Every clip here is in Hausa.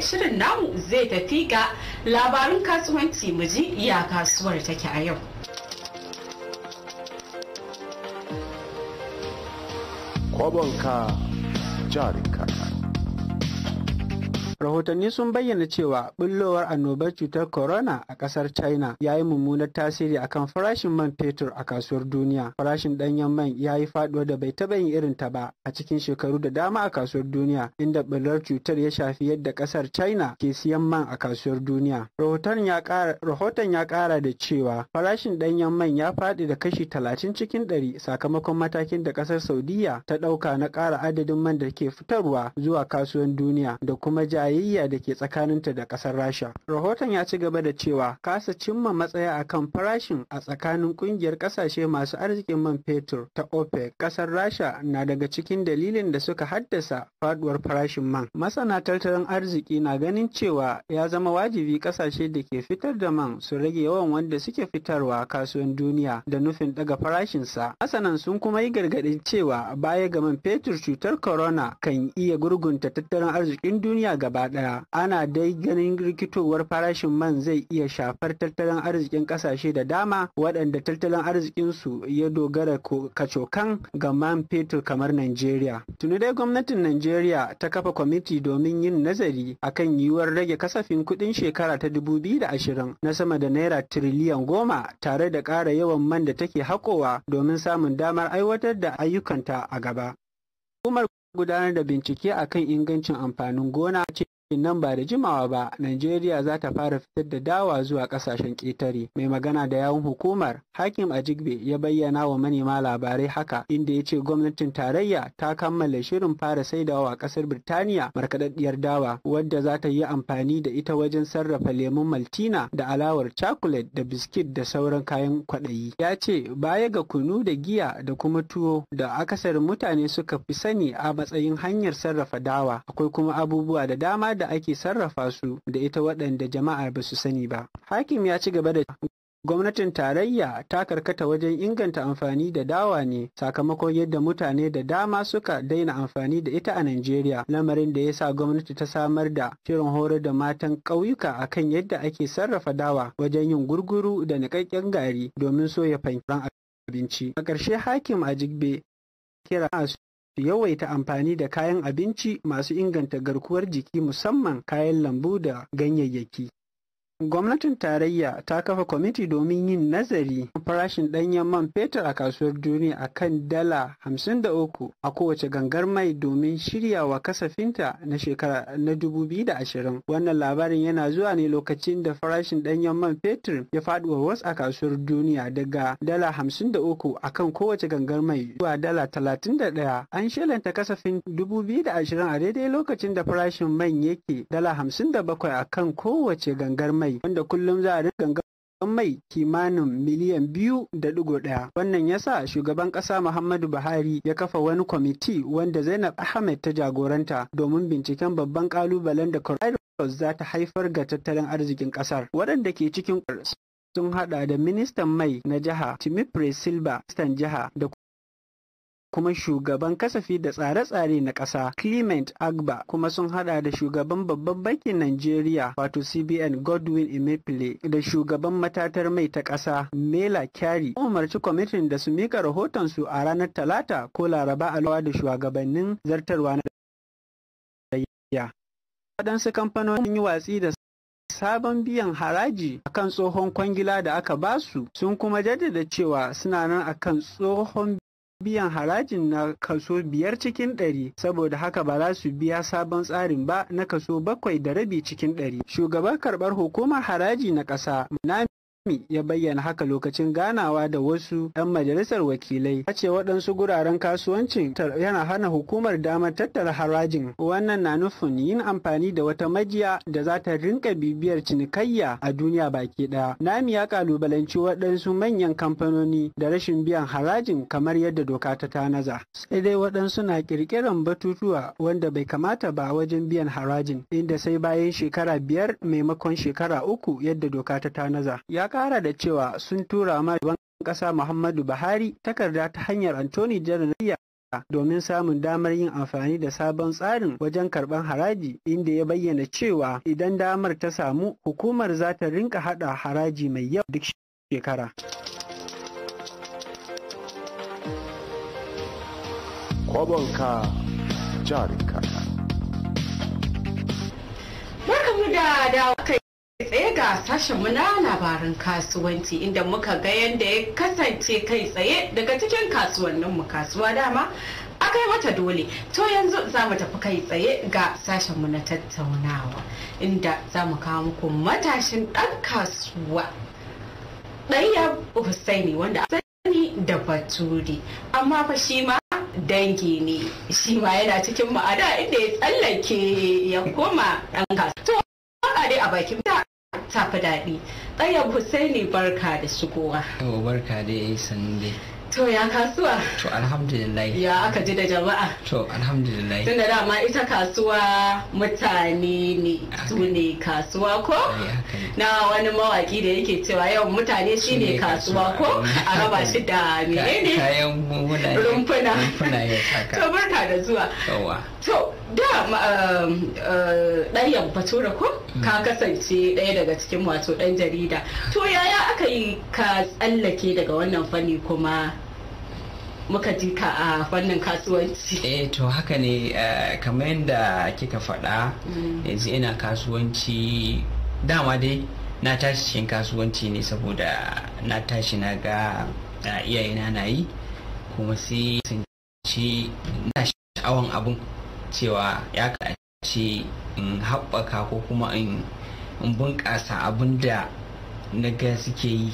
shirin namu zai tafi ga labarin kasuwanci mu ji iya kasuwar take a yau. Kwabonka jarinka. Rahotanni sun bayyana cewa bullowar annobar cutar corona a ƙasar China ya yi mummunar tasiri a kan farashin man fetur a kasuwar duniya. Farashin ɗanyen man ya yi faɗuwa da bai taba yin irin ta ba a cikin shekaru da dama a kasuwar duniya, inda bullar cutar ya shafi yadda ƙasar China ke siyan man a kasuwar duniya. Rahoton ya ƙara da cewa farashin ɗanyen man ya faɗi da kashi talatin cikin ɗari sakamakon matakin da ƙasar Saudiya ta ɗauka na ƙara adadin man da ke fitarwa zuwa kasuwar duniya da kuma jaya jayayya da ke tsakaninta da ƙasar Rasha. Rahoton ya ci gaba da cewa kasa cimma matsaya a kan farashin a tsakanin ƙungiyar ƙasashe masu arzikin man fetur ta OPEC. Ƙasar Rasha na daga cikin dalilin da suka haddasa faduwar farashin man. Masana tattalin arziki na ganin cewa ya zama wajibi ƙasashe da ke fitar da man su rage yawan wanda suke fitarwa kasuwan duniya da nufin daga farashinsa. Masanan sun kuma yi gargaɗin cewa baya ga man fetur cutar corona kan iya gurgunta tattalin arzikin duniya gaba gaba ɗaya. Ana dai ganin rikitowar farashin man zai iya shafar tattalin arzikin ƙasashe da dama waɗanda tattalin arzikinsu ya dogara kacokan ga man fetur kamar Najeriya. Tuni dai gwamnatin Najeriya ta kafa kwamiti domin yin nazari akan yiwuwar rage kasafin kuɗin shekara ta dubu biyu da ashirin na sama da naira tiriliyan goma tare da ƙara yawan man da take haƙowa domin samun damar aiwatar da ayyukanta a gaba. Hukumar gudanar da bincike akan ingancin amfanin gona ce nan ba da jimawa ba Najeriya za ta fara fitar da dawa zuwa kasashen ƙetare mai magana da yawun hukumar Hakim Ajigbe ya bayyana wa manema labarai haka inda ya ce gwamnatin tarayya ta kammala shirin fara saidawa a ƙasar Birtaniya markaɗaɗɗiyar dawa wadda za ta yi amfani da ita wajen sarrafa lemun maltina da alawar cakulet da biskit da sauran kayan kwaɗayi. Ya ce baya ga kunu da giya da kuma tuwo da akasarin mutane suka fi sani a matsayin hanyar sarrafa dawa akwai kuma abubuwa da dama yadda ake sarrafa su da ita waɗanda jama'a ba su sani ba. Hakim ya ci gaba da Gwamnatin tarayya ta karkata wajen inganta amfani da dawa ne sakamakon yadda mutane da dama suka daina amfani da ita a Najeriya, lamarin da ya sa gwamnati ta samar da shirin horar da matan ƙauyuka akan yadda ake sarrafa dawa wajen yin gurguru da niƙaƙƙen gari domin soya fankiran abinci. A ƙarshe hakim a jigbe kira su yawaita amfani da kayan abinci masu inganta garkuwar jiki musamman kayan lambu da ganyayyaki. Gwamnatin tarayya ta kafa kwamiti domin yin nazari farashin ɗanyen man fetur a kasuwar duniya a kan dala 53 a kowace gangar mai domin shirya wa kasafinta na shekara na 2020. Wannan labarin yana zuwa ne lokacin da farashin ɗanyen man fetur ya faɗi wa wasu a kasuwar duniya daga dala 53 a kan kowace gangar mai zuwa dala 31. An shelanta kasafin 2020 a daidai lokacin da farashin man yake dala 57 a kan kowace gangar mai. mai wanda kullum za a rinka don mai kimanin miliyan biyu da digo ɗaya. Wannan ya sa shugaban ƙasa Muhammadu Buhari ya kafa wani kwamiti wanda Zainab Ahmed ta jagoranta domin binciken babban ƙalubalen da coronavirus za ta haifar ga tattalin arzikin ƙasar. Waɗanda ke cikin sun haɗa da ministan mai na jiha Timipre Silva, ministan jiha da kuma shugaban kasafi da tsare-tsare na ƙasa Clement Agba kuma sun hada da shugaban babban bankin Najeriya wato CBN Godwin Emefiele da shugaban matatar mai ta ƙasa Mela Kyari umarci kwamitin da su mika rahoton su a ranar Talata ko Laraba a da shugabannin zartarwa na tarayya. Waɗansu kamfanonin yi watsi da sabon biyan haraji akan tsohon kwangila da aka ba su, sun kuma jaddada cewa suna nan akan tsohon biyan harajin na kaso biyar cikin ɗari saboda haka ba za su biya sabon tsarin ba na kaso bakwai da rabi cikin ɗari. Shugaban karɓar hukumar haraji na ƙasa Sami ya bayyana haka lokacin ganawa da wasu 'yan majalisar wakilai. Ya ce waɗansu guraren kasuwancin yana hana hukumar damar tattara harajin. Wannan na nufin yin amfani da wata majiya da za ta rinka bibiyar cinikayya a duniya baki ɗaya. Nami ya kalubalanci waɗansu manyan kamfanoni da rashin biyan harajin kamar yadda doka ta tanaza. Sai dai waɗansu na ƙirƙiran batutuwa wanda bai kamata ba wajen biyan harajin, inda sai bayan shekara biyar maimakon shekara uku yadda doka ta tanaza. Ya kara da cewa sun tura ma shugaban ƙasa Muhammadu Buhari takarda ta hanyar Anthony Janaria domin samun damar yin amfani da sabon tsarin wajen karɓar haraji inda ya bayyana cewa idan damar ta samu hukumar za ta rinka haɗa haraji mai yawa duk shekara. Kwabonka jarinka. Barkamu da dawaka tsaye ga sashenmu na labarin kasuwanci inda muka ga yadda ya kasance kai tsaye daga cikin kasuwanninmu kasuwa dama akai mata dole to yanzu za mu tafi kai tsaye ga sashenmu na tattaunawa inda za mu kawo muku matashin ɗan kasuwa ɗaya Hussaini wanda sani da baturi amma fa shi ma dangi ne shi ma yana cikin ma'ada inda ya tsallake ya koma ɗan kasuwa a bakin ta tafi daɗi ɗayan husaini barka da shigowa yau barka da ya eh, sannu to ya kasuwa to alhamdulillah ya aka ji da jama'a to alhamdulillah tunda dama ita kasuwa mutane ne su ne kasuwa ko eh, na wani mawaki da yake cewa yau mutane shi ne kasuwa ko a raba shi da menene kayan rumfuna to barka da zuwa to da ɗaryan um, uh, fatura ko hmm. ka kasance ɗaya daga cikin wato ɗan jarida to yaya aka yi ka tsallake daga wannan fanni kuma muka ji ka a fannin kasuwanci eh to haka ne eh, kamar yadda kika faɗa hmm. yanzu ina kasuwanci dama dai na tashi cikin kasuwanci ne saboda na tashi na ga eh, iyayena na yi kuma sai sun ci na sha'awan abun cewa ya kaci in haɓaka ko kuma in bunƙasa abin da na ga suke yi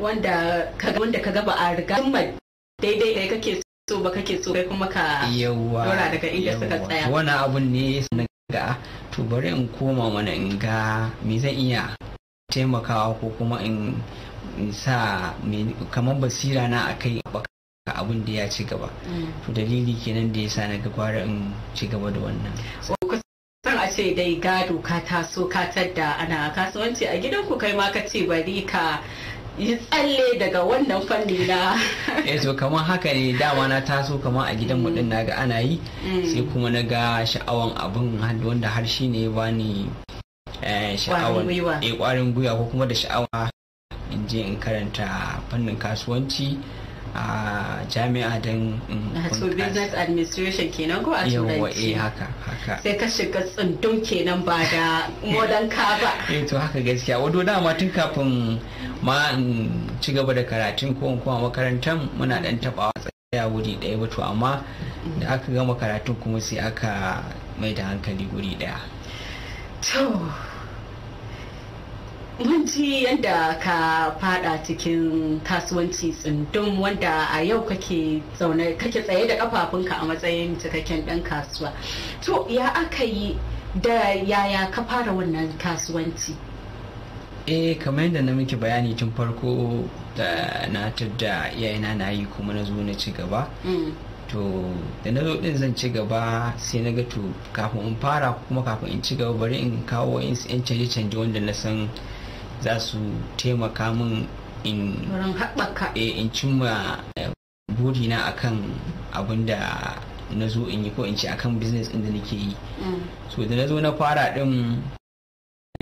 wanda ka gaba a riga daidai da kake so ba kake so kai kuma ka dora daga inda suka tsaya wani abun ne na ga to bari in koma mana in ga me zan iya taimakawa ko kuma in sa kamar basira na akai abin da ya ci gaba mm. to dalili kenan da yasa na ga gwara in ci gaba da wannan san a ce dai gado ka taso ka tadda ana kasuwanci a gidanku kai ma ka ce bari ka yi tsalle daga wannan fanni na eh to kamar haka ne dama na taso kamar a gidan mu din naga ana yi mm. sai kuma na ga sha'awan abin wanda har shi ne bani eh, sha'awan eh kwarin gwiwa ko kuma da sha'awa in je in karanta fannin kasuwanci a jami'a don to business administration kenan ko a turanci eh, haka haka sai ka shiga tsindin kenan ba da modern ka ba eh to haka gaskiya wado dama tun kafin ma in ci gaba da karatun ko in kuma makarantar muna dan tabawa tsaya wuri daya ba to amma da aka gama karatun kuma sai aka mai da hankali wuri daya to Munji yadda ka fada cikin kasuwanci tsundum wanda a yau kake zaune kake tsaye da kafafunka a matsayin cikakken dan kasuwa. To ya aka yi da yaya ka fara wannan kasuwanci? Eh kamar yadda na miki bayani tun farko da na tadda iyayena na yi kuma na zo na ci gaba. Mm. to da na zo din zan ci gaba sai na ga to kafin in fara kuma kafin in ci gaba bari in kawo in canje canje wanda na san za su taimaka min in eh, in cimma eh, burina akan abin da na zo in yi ko in ce akan business ɗin da nake yi mm. so da na zo na fara ɗin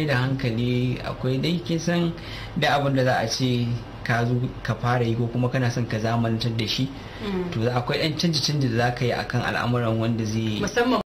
da hankali akwai dai ke san da abin da za a ce ka zo ka fara yi ko kuma kana son ka zamanantar da shi mm. to akwai ɗan canji canji da za ka yi akan al'amuran wanda zai musamman